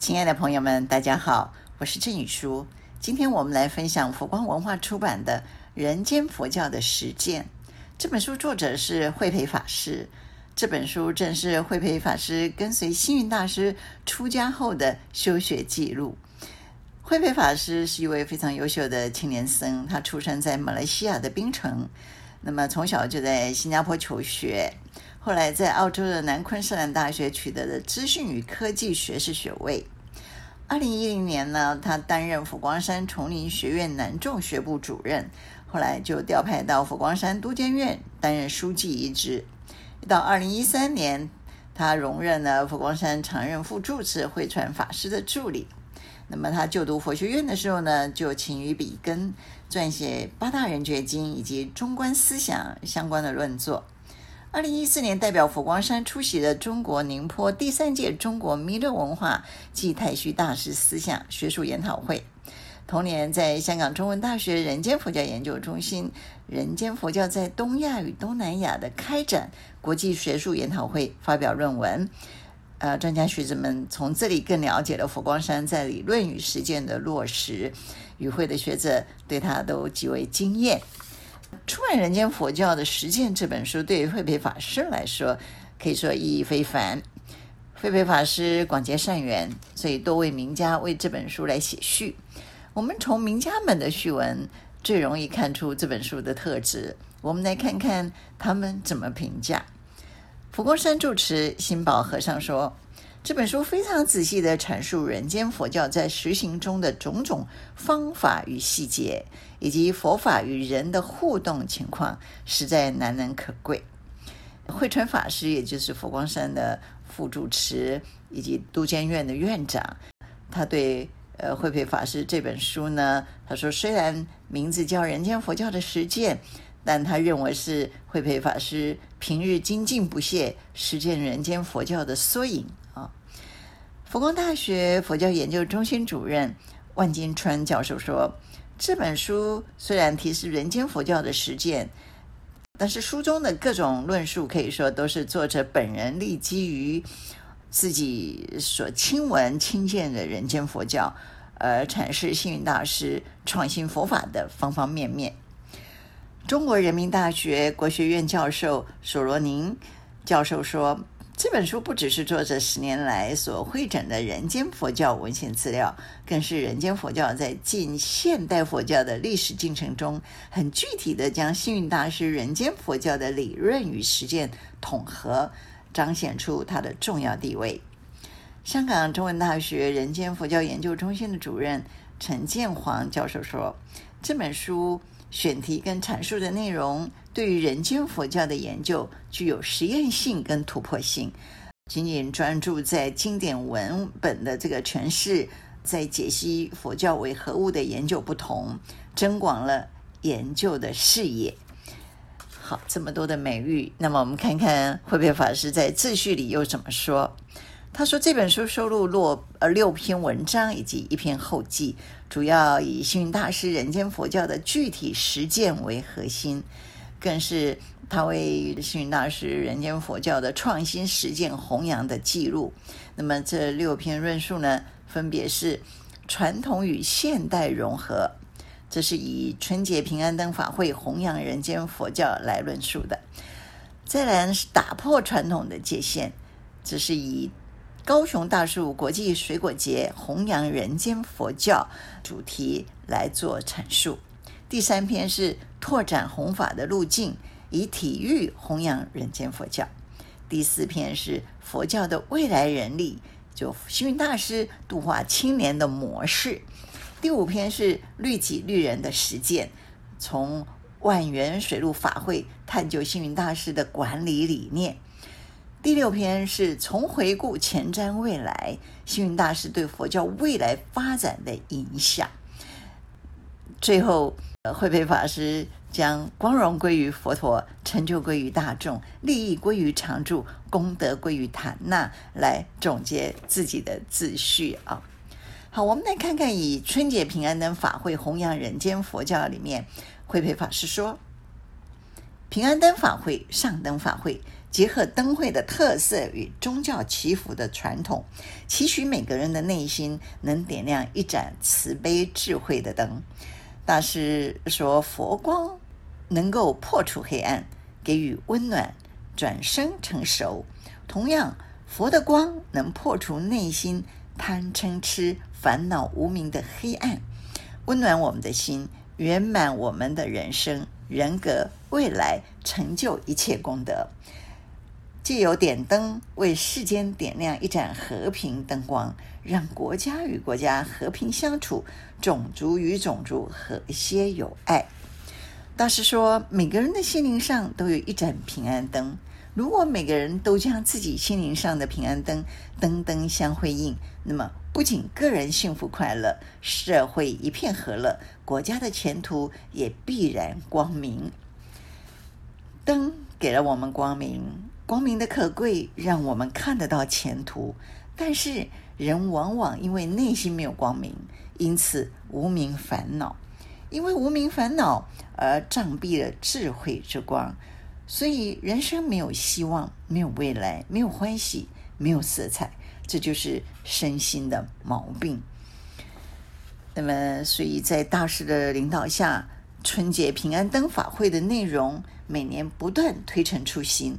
親愛的朋友們，大家好，我是鄭羽書。今天我們來分享佛光文化出版的《人間佛教的實踐》這本書，作者是慧裴法師。這本書正是慧裴法師跟隨星雲大師出家後的修學記錄。慧裴法師是一位非常優秀的青年僧，他出生在馬來西亞的檳城，那麼從小就在新加坡求學。後來在澳洲的南昆士蘭大學取得了資訊與科技學士學位。二零一零年呢，他擔任佛光山叢林學院男眾學部主任，後來就調派到佛光山都監院擔任書記一職。一到二零一三年，他榮任了佛光山常任副住持慧傳法師的助理。那麼他就讀佛學院的時候呢，就勤於筆耕，撰寫八大人覺經以及中觀思想相關的論作。二零一四年，代表佛光山出席了中國寧波第三屆中國彌勒文化暨太虛大師思想學術研討會。同年，在香港中文大學人間佛教研究中心“人間佛教在東亞與東南亞的開展”國際學術研討會發表論文。呃，專家學者們從這裡更了解了佛光山在理論與實踐的落實。與會的學者對他都極為驚艷。出版《人間佛教的實踐》這本書，對於慧裴法師來說，可以說意義非凡。慧裴法師廣結善緣，所以多位名家為這本書來寫序。我們從名家們的序文最容易看出這本書的特質。我們來看看他們怎麼評價。佛光山住持心保和尚說。這本書非常仔細地闡述人間佛教在實行中的種種方法與細節，以及佛法與人的互動情況，實在難能可貴。慧傳法師，也就是佛光山的副主持以及都監院的院長，他對呃、慧裴法師這本書呢，他說，雖然名字叫人間佛教的實踐，但他認為是慧裴法師平日精進不懈實踐人間佛教的縮影。佛光大學佛教研究中心主任萬金川教授說：“這本書雖然提示人間佛教的實踐，但是書中的各種論述可以說都是作者本人立基於自己所親聞親見的人間佛教，而闡釋星雲大師創新佛法的方方面面。”中國人民大學國學院教授索羅寧教授說。這本書不只是作者十年來所匯整的人間佛教文獻資料，更是人間佛教在近現代佛教的歷史進程中，很具體的將星雲大師人間佛教的理論與實踐統合，彰顯出它的重要地位。香港中文大學人間佛教研究中心的主任陳建煌教授說：“這本書，”選題跟闡述的內容對於人間佛教的研究具有實驗性跟突破性，僅僅專注在經典文本的這個詮釋，在解析佛教為何物的研究不同，增廣了研究的視野。好，這麼多的美譽，那麼我們看看慧裴法師在自序裡又怎麼說？他說：“這本書收錄落呃六篇文章以及一篇後記，主要以星雲大師人間佛教的具體實踐為核心，更是他為星雲大師人間佛教的創新實踐弘揚的記錄。那麼這六篇論述呢，分別是傳統與現代融合，這是以春節平安燈法會弘揚人間佛教來論述的；再然是打破傳統的界限，這是以。”高雄大樹國際水果節弘揚人間佛教主題來做闡述。第三篇是拓展弘法的路徑，以體育弘揚人間佛教。第四篇是佛教的未來人力，就星雲大師度化青年的模式。第五篇是律己律人的實踐，從萬緣水陸法會探究星雲大師的管理理念。第六篇是重回顧前瞻未來，星雲大師對佛教未來發展的影響。最後，慧裴法師將光榮歸於佛陀，成就歸於大眾，利益歸於常住，功德歸於檀那，來總結自己的自序啊。好，我們來看看以春節平安燈法會弘揚人間佛教裡面，慧裴法師說：“平安燈法會上燈法會。”結合燈會的特色與宗教祈福的傳統，祈許每個人的內心能點亮一盞慈悲智慧的燈。大師說，佛光能夠破除黑暗，給予溫暖，轉生成熟。同樣，佛的光能破除內心貪嗔癡、煩惱無明的黑暗，溫暖我們的心，圓滿我們的人生、人格、未來，成就一切功德。藉由點燈，為世間點亮一盞和平燈光，讓國家與國家和平相處，種族與種族和諧友愛。大師說：“每個人的心靈上都有一盞平安燈，如果每個人都將自己心靈上的平安燈燈燈相輝映，那麼不僅個人幸福快樂，社會一片和樂，國家的前途也必然光明。燈給了我們光明。”光明的可貴，讓我們看得到前途。但是，人往往因為內心沒有光明，因此無明煩惱。因為無明煩惱而障蔽了智慧之光，所以人生沒有希望，沒有未來，沒有歡喜，沒有色彩。這就是身心的毛病。那麼，所以在大師的領導下，春節平安燈法會的內容每年不斷推陳出新。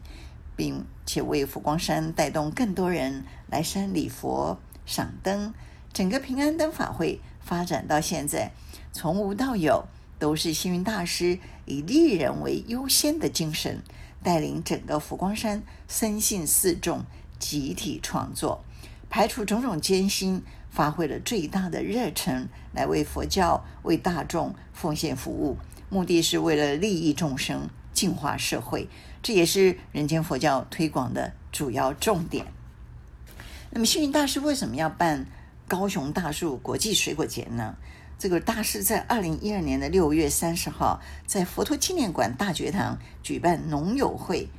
並且為佛光山帶動更多人來山禮佛、賞燈，整個平安燈法會發展到現在，從無到有，都是星雲大師以利人為優先的精神，帶領整個佛光山僧信四眾集體創作，排除種種艱辛，發揮了最大的熱忱，來為佛教、為大眾奉獻服務，目的是為了利益眾生、淨化社會。這也是人間佛教推廣的主要重點。那麼，星雲大師為什麼要辦高雄大樹國際水果節呢？這個大師在二零一二年的六月三十號，在佛陀紀念館大覺堂舉辦農友會，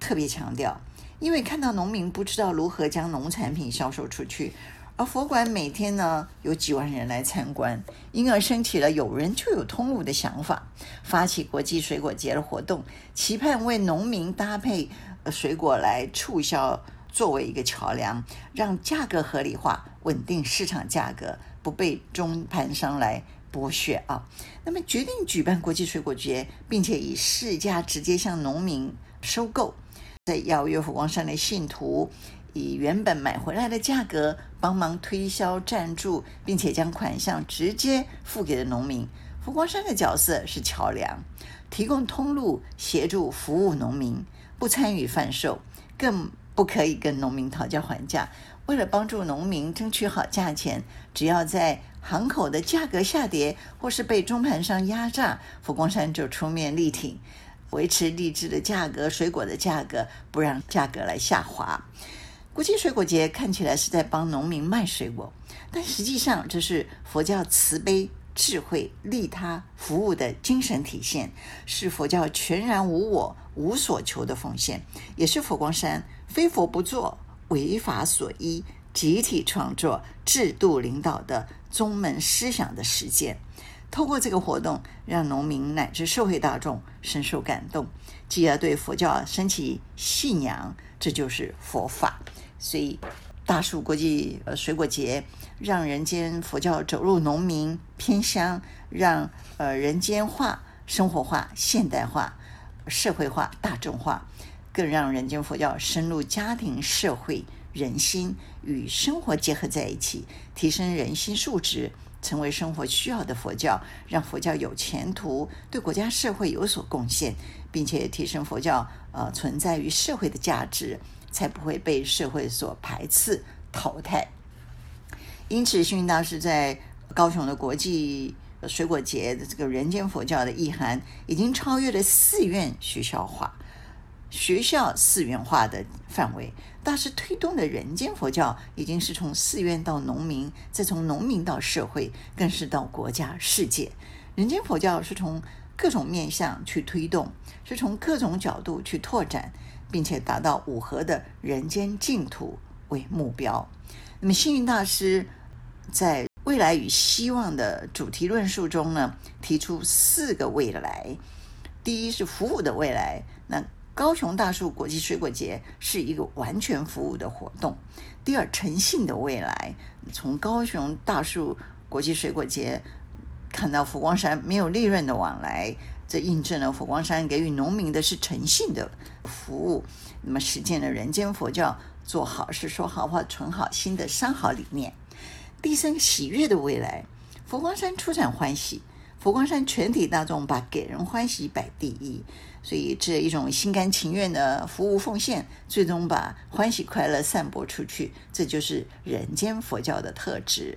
特別強調，因為看到農民不知道如何將農產品銷售出去。而佛館每天呢有幾萬人來參觀，因而生起了有人就有通路的想法，發起國際水果節的活動，期盼為農民搭配水果來促銷，作為一個橋梁，讓價格合理化，穩定市場價格，不被中盤商來剝削啊。那麼決定舉辦國際水果節，並且以市價直接向農民收購，在邀約佛光山的信徒。以原本買回來的價格幫忙推銷贊助，並且將款項直接付給了農民。佛光山的角色是橋樑，提供通路，協助服務農民，不參與販售，更不可以跟農民討價還價。為了幫助農民爭取好價錢，只要在行口的價格下跌，或是被中盤商壓榨，佛光山就出面力挺，維持荔枝的價格、水果的價格，不讓價格來下滑。國際水果節看起來是在幫農民賣水果，但實際上這是佛教慈悲、智慧、利他、服務的精神體現，是佛教全然無我、無所求的奉獻，也是佛光山“非佛不作，為法所依”集體創作、制度領導的宗門思想的實踐。通過這個活動，讓農民乃至社會大眾深受感動，繼而對佛教升起信仰，這就是佛法。所以，大樹國際呃水果節，讓人間佛教走入農民偏鄉，讓呃人間化、生活化、現代化、社會化、大眾化，更讓人間佛教深入家庭、社會、人心與生活結合在一起，提升人心素質，成為生活需要的佛教，讓佛教有前途，對國家社會有所貢獻，並且提升佛教呃存在於社會的價值。才不會被社會所排斥淘汰。因此，星雲大師在高雄的國際水果節的這個人間佛教的意涵，已經超越了寺院學校化、學校寺院化的範圍。大師推動的人間佛教，已經是從寺院到農民，再從農民到社會，更是到國家、世界。人間佛教是從各種面向去推動，是從各種角度去拓展。並且達到五和的人間淨土為目標。那麼，星雲大師在未來與希望的主題論述中呢，提出四個未來。第一是服務的未來，那高雄大樹國際水果節是一個完全服務的活動。第二，誠信的未來，從高雄大樹國際水果節看到佛光山沒有利潤的往來。這印證了佛光山給予農民的是誠信的服務，那麼實踐了人間佛教做好事說好話存好心的三好理念。第三，喜悅的未來，佛光山出產歡喜，佛光山全體大眾把給人歡喜擺第一，所以這一種心甘情願的服務奉獻，最終把歡喜快樂散播出去，這就是人間佛教的特質。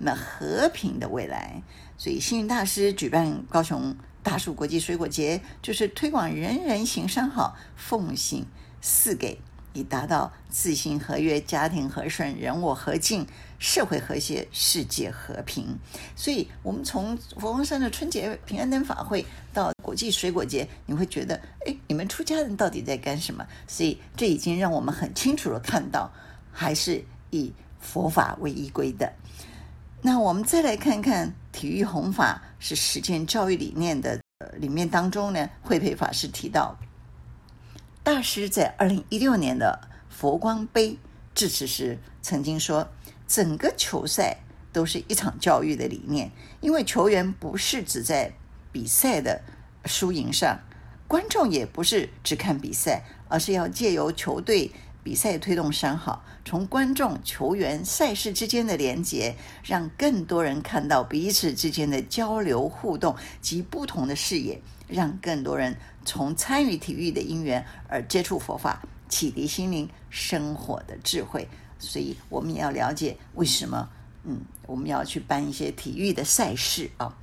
那麼和平的未來，所以星雲大師舉辦高雄大樹國際水果節就是推廣人人行三好，奉行四給，以達到自心和悅、家庭和順、人我和敬、社會和諧、世界和平。所以，我們從佛光山的春節平安燈法會到國際水果節，你會覺得，誒，你們出家人到底在幹什麼？所以，這已經讓我們很清楚的看到，還是以佛法為依歸的。那我們再來看看《體育弘法》是實踐教育理念的，理裡面當中呢，慧裴法師提到，大師在二零一六年的佛光杯致辭時曾經說，整個球賽都是一場教育的理念，因為球員不是只在比賽的輸贏上，觀眾也不是只看比賽，而是要借由球隊。比賽推動三好，從觀眾、球員、賽事之間的連接，讓更多人看到彼此之間的交流互動及不同的視野，讓更多人從參與體育的因緣而接觸佛法，啟迪心靈生活的智慧。所以，我們也要了解為什麼，嗯，我們要去辦一些體育的賽事啊？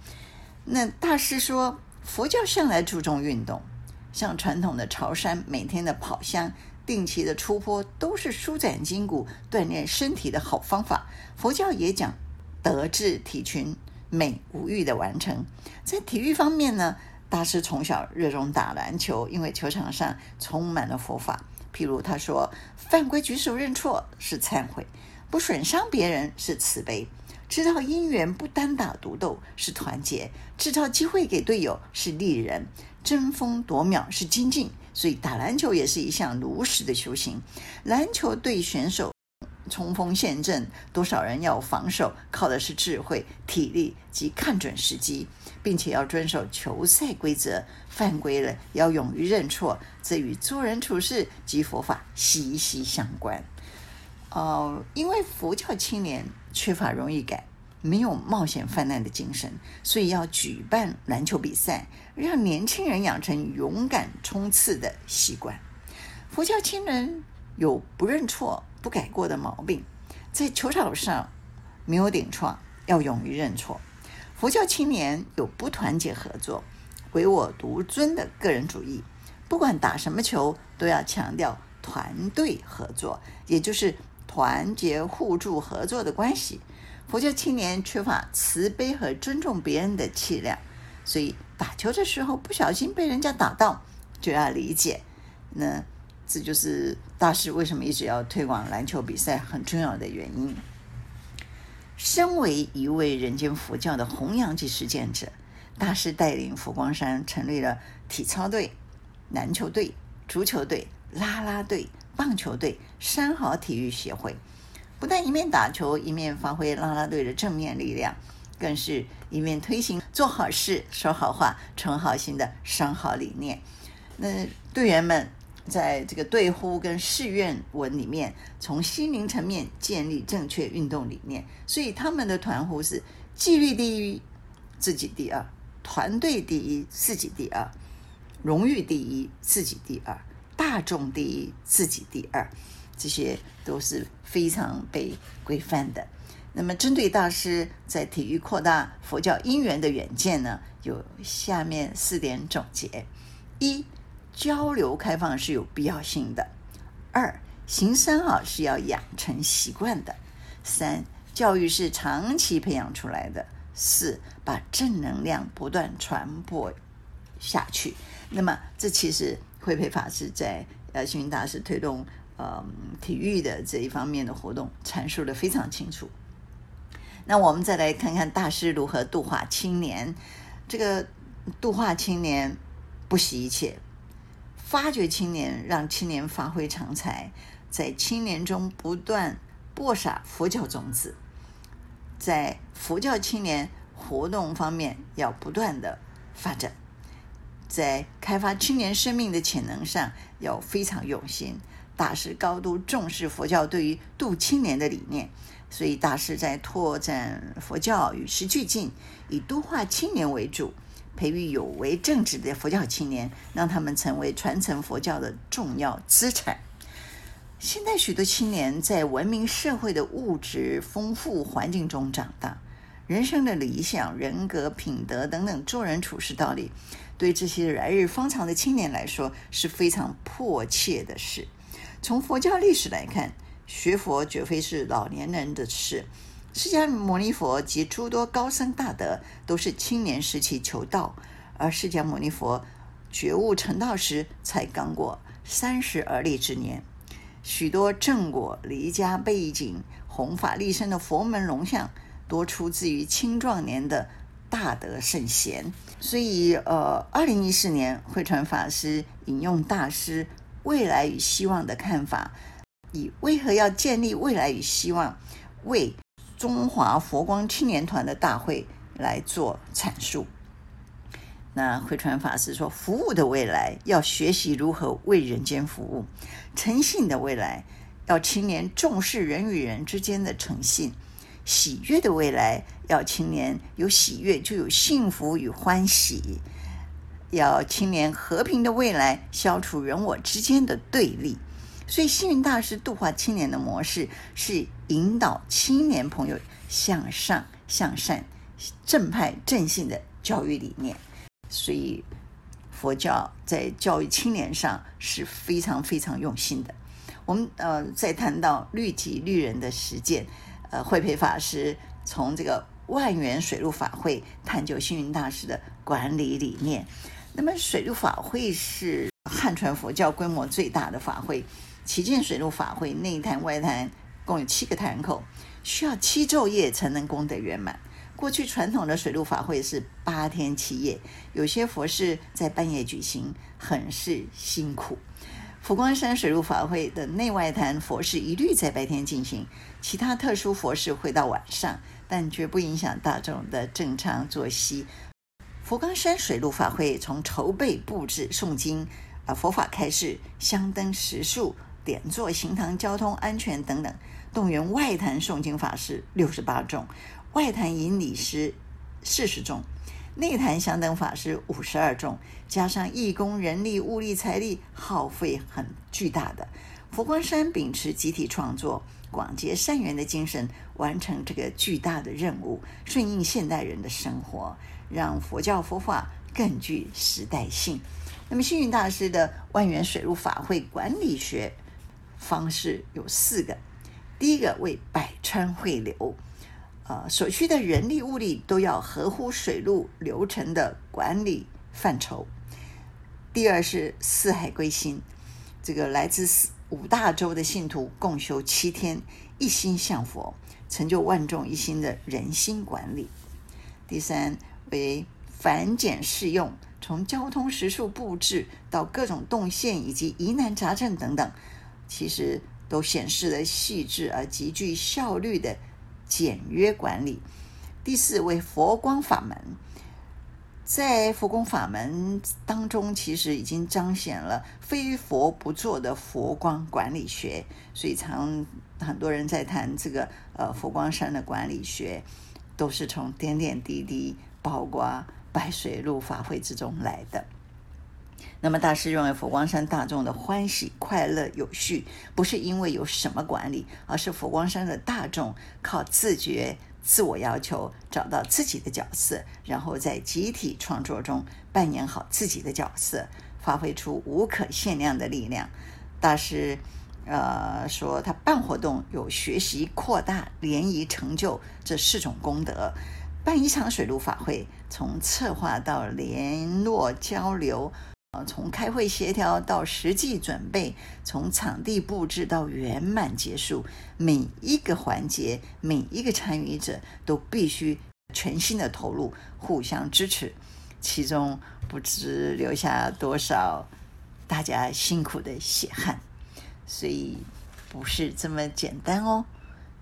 那大師說，佛教向來注重運動，像傳統的朝山，每天的跑香，定期的出坡都是舒展筋骨、鍛鍊身體的好方法。佛教也講德智體群美五育的完成。在體育方面呢，大師從小熱衷打籃球，因為球場上充滿了佛法。譬如他說，犯規舉手認錯是懺悔，不損傷別人是慈悲，知道因緣不單打獨鬥是團結，製造機會給隊友是利人，爭分奪秒是精進。所以打籃球也是一項如實的修行。籃球隊選手衝鋒陷陣，多少人要防守，靠的是智慧、體力及看準時機，並且要遵守球賽規則。犯規了要勇於認錯，這與做人處事及佛法息息相關。哦、呃，因為佛教青年缺乏榮譽感。沒有冒險犯難的精神，所以要舉辦籃球比賽，讓年輕人養成勇敢衝刺的習慣。佛教青年有不認錯、不改過的毛病，在球場上沒有頂撞，要勇於認錯。佛教青年有不團結合作、唯我獨尊的個人主義，不管打什麼球，都要強調團隊合作，也就是團結互助合作的關係。佛教青年缺乏慈悲和尊重別人的氣量，所以打球的時候不小心被人家打到，就要理解。那這就是大師為什麼一直要推廣籃球比賽很重要的原因。身為一位人間佛教的弘揚及實踐者，大師帶領佛光山成立了體操隊、籃球隊、足球隊、拉拉隊、棒球隊、三好體育協會。不但一面打球，一面發揮啦啦隊的正面力量，更是一面推行做好事、說好話、存好心的“三好”理念。那隊員們在這個隊呼跟誓願文裡面，從心靈層面建立正確運動理念。所以他們的團呼是：紀律第一，自己第二；團隊第一，自己第二；榮譽第一，自己第二；大眾第一，自己第二。這些都是非常被規範的。那麼，針對大師在體育擴大佛教因緣的遠見呢，有下面四點總結：一、交流開放是有必要性的；二、行善啊是要養成習慣的；三、教育是長期培養出來的；四、把正能量不斷傳播下去。那麼，這其實慧裴法師在呃，星雲大師推動。呃，體育的這一方面的活動闡述得非常清楚。那我們再來看看大師如何度化青年。這個度化青年不惜一切，發掘青年，讓青年發揮長才，在青年中不斷播撒佛教種子。在佛教青年活動方面要不斷的發展，在開發青年生命的潛能上要非常用心。大師高度重視佛教對於度青年的理念，所以大師在拓展佛教與時俱進，以度化青年為主，培育有為正直的佛教青年，讓他們成為傳承佛教的重要資產。現在許多青年在文明社會的物質豐富環境中長大，人生的理想、人格、品德等等，做人處事道理，對這些來日方長的青年來說是非常迫切的事。從佛教歷史來看，學佛絕非是老年人的事。釋迦牟尼佛及諸多高僧大德都是青年時期求道，而釋迦牟尼佛覺悟成道時才剛過三十而立之年。許多正果離家背景、弘法立身的佛門龍像，多出自於青壯年的大德聖賢。所以，呃，二零一四年慧傳法師引用大師。未來與希望的看法，你為何要建立未來與希望，為中華佛光青年團的大會來做闡述？那慧傳法師說，服務的未來要學習如何為人間服務；誠信的未來要青年重視人與人之間的誠信；喜悅的未來要青年有喜悅，就有幸福與歡喜。要青年和平的未來，消除人我之間的對立，所以星雲大師度化青年的模式是引導青年朋友向上向善、正派正信的教育理念。所以佛教在教育青年上是非常非常用心的。我們呃，在談到律己律人的實踐，呃，慧裴法師從這個萬緣水陸法會探究星雲大師的管理理念。那麼水陸法會是漢傳佛教規模最大的法會，其中水陸法會內壇外壇共有七個壇口，需要七晝夜才能功德圓滿。過去傳統的水陸法會是八天七夜，有些佛事在半夜舉行，很是辛苦。佛光山水陸法會的內外壇佛事一律在白天進行，其他特殊佛事會到晚上，但絕不影響大眾的正常作息。佛光山水陸法會從籌備佈置、誦經、啊佛法開示，香燈食宿，典座行堂、交通安全等等，動員外壇誦經法師六十八眾，外壇引禮師四十眾，內壇香燈法師五十二眾，加上義工人力、物力、財力，耗費很巨大的。佛光山秉持集體創作、廣結善緣的精神，完成這個巨大的任務，順應現代人的生活。讓佛教佛法更具時代性。那麼，星雲大師的萬緣水陸法會管理學方式有四個：第一個為百川匯流，呃，所需的人力物力都要合乎水陸流程的管理範疇；第二是四海歸心，這個來自五大洲的信徒共修七天，一心向佛，成就萬眾一心的人心管理；第三。為繁簡適用，從交通食宿佈置到各種動線，以及疑難雜症等等，其實都顯示了細緻而極具效率的簡約管理。第四為佛光法門，在佛光法門當中，其實已經彰顯了“非佛不作”的佛光管理學。所以常，常很多人在談這個呃佛光山的管理學，都是從點點滴滴。包括白水陸法會之中來的，那麼大師認為佛光山大眾的歡喜、快樂、有序，不是因為有什麼管理，而是佛光山的大眾靠自覺、自我要求，找到自己的角色，然後在集體創作中扮演好自己的角色，發揮出無可限量的力量。大師，呃，說他辦活動有學習、擴大、聯誼、成就這四種功德。辦一場水陸法會，從策劃到聯絡交流，呃，從開會協調到實際準備，從場地布置到圓滿結束，每一個環節，每一個參與者都必須全心的投入，互相支持，其中不知留下多少大家辛苦的血汗，所以不是這麼簡單哦。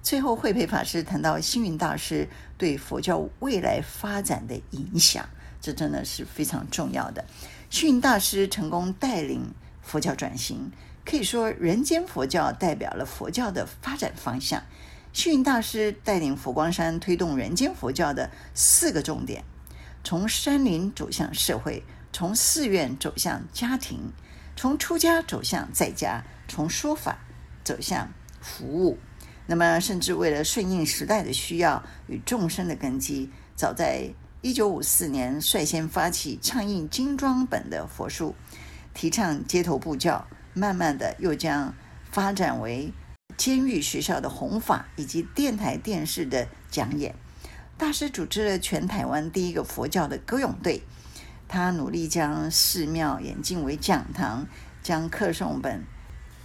最後，慧裴法師談到星雲大師。對佛教未來發展的影響，這真的是非常重要的。星雲大師成功帶領佛教轉型，可以說人間佛教代表了佛教的發展方向。星雲大師帶領佛光山推動人間佛教的四個重點：從山林走向社會，從寺院走向家庭，從出家走向在家，從說法走向服務。那麼，甚至為了順應時代的需要與眾生的根基，早在一九五四年率先发起倡印精裝本的佛書，提倡街頭布教，慢慢的又將发展為監獄學校的弘法，以及電台電視的講演。大師組織了全台灣第一個佛教的歌詠隊，他努力將寺廟演進為講堂，將課誦本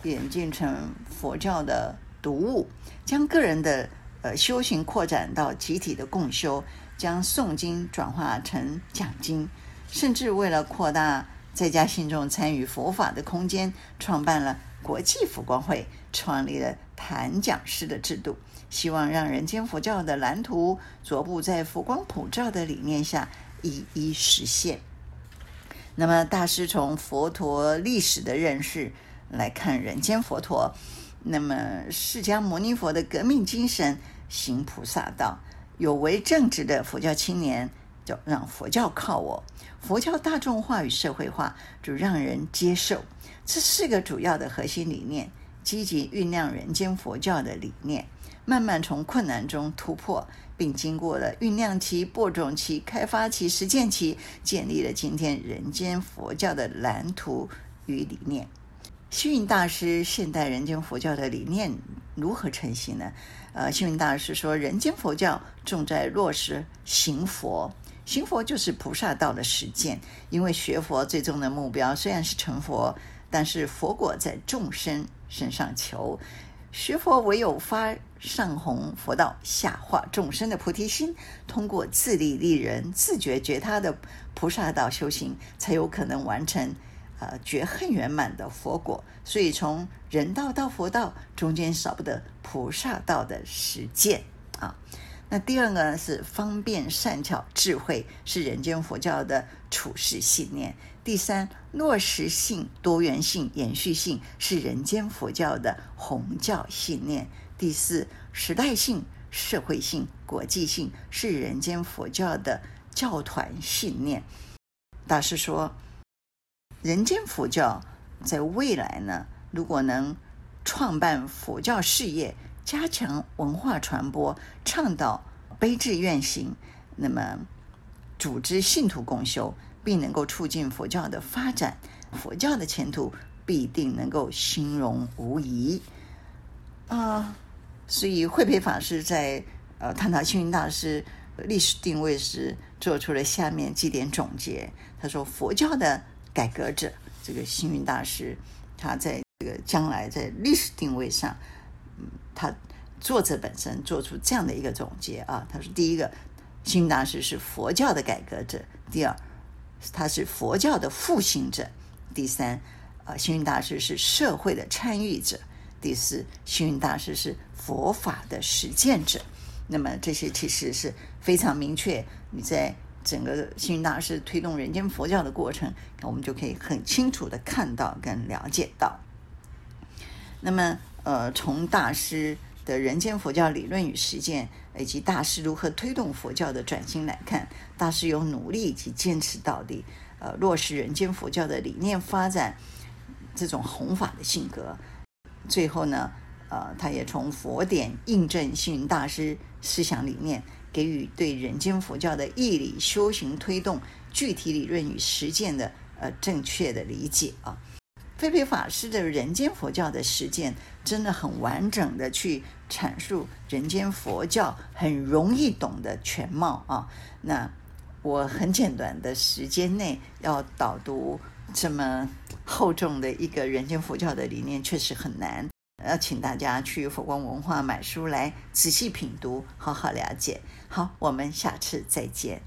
演進成佛教的。讀物，將個人的呃修行擴展到集體的共修，將誦經轉化成講經，甚至為了擴大在家信眾參與佛法的空間，創辦了國際佛光會，創立了檀講師的制度，希望讓人間佛教的藍圖逐步在佛光普照的理念下一一實現。那麼，大師從佛陀歷史的認識來看，人間佛陀。那麼，釋迦牟尼佛的革命精神，行菩薩道；有為正直的佛教青年，就讓佛教靠我。佛教大眾化與社會化，就讓人接受。這四個主要的核心理念，積極醞釀人間佛教的理念，慢慢從困難中突破，並經過了醞釀期、播種期、開發期、實踐期，建立了今天人間佛教的藍圖與理念。星雲大師現代人間佛教的理念如何成型呢？呃，星雲大師說，人間佛教重在落實行佛，行佛就是菩薩道的實踐。因為學佛最終的目標雖然是成佛，但是佛果在眾生身上求，學佛唯有發上弘佛道、下化眾生的菩提心，通過自利利人、自覺覺他的菩薩道修行，才有可能完成。呃，覺行圓滿的佛果，所以從人道到佛道中間少不得菩薩道的實踐啊。那第二個呢是方便善巧智慧，是人間佛教的處世信念。第三，落實性、多元性、延續性，是人間佛教的弘教信念。第四，時代性、社會性、國際性，是人間佛教的教團信念。大師說。人間佛教在未來呢，如果能創辦佛教事業，加強文化傳播，倡導悲智願行，那麼組織信徒共修，並能夠促進佛教的發展，佛教的前途必定能夠興隆無疑。啊、呃，所以慧裴法師在呃探討星雲大師歷史定位時，做出了下面幾點總結。他說：“佛教的。”改革者，這個星雲大師，他在這個將來在歷史定位上，嗯，他作者本身做出這樣的一個總結啊，他說：第一個，星雲大師是佛教的改革者；第二，他是佛教的復興者；第三，啊，星雲大師是社會的參與者；第四，星雲大師是佛法的實踐者。那麼這些其實是非常明確，你在。整個星雲大師推動人間佛教的過程，我們就可以很清楚的看到跟了解到。那麼，呃，從大師的人間佛教理論與實踐，以及大師如何推動佛教的轉型來看，大師有努力及堅持到底，呃，落實人間佛教的理念，發展這種弘法的性格。最後呢，呃，他也從佛典印證星雲大師思想理念。給予對人間佛教的義理、修行、推動具體理論與實踐的呃，正確的理解啊。慧裴法師的人間佛教的實踐真的很完整的去闡述人間佛教很容易懂的全貌啊。那我很簡短的時間內要導讀這麼厚重的一個人間佛教的理念，確實很難。要請大家去佛光文化買書來仔細品讀，好好了解。好，我們下次再見。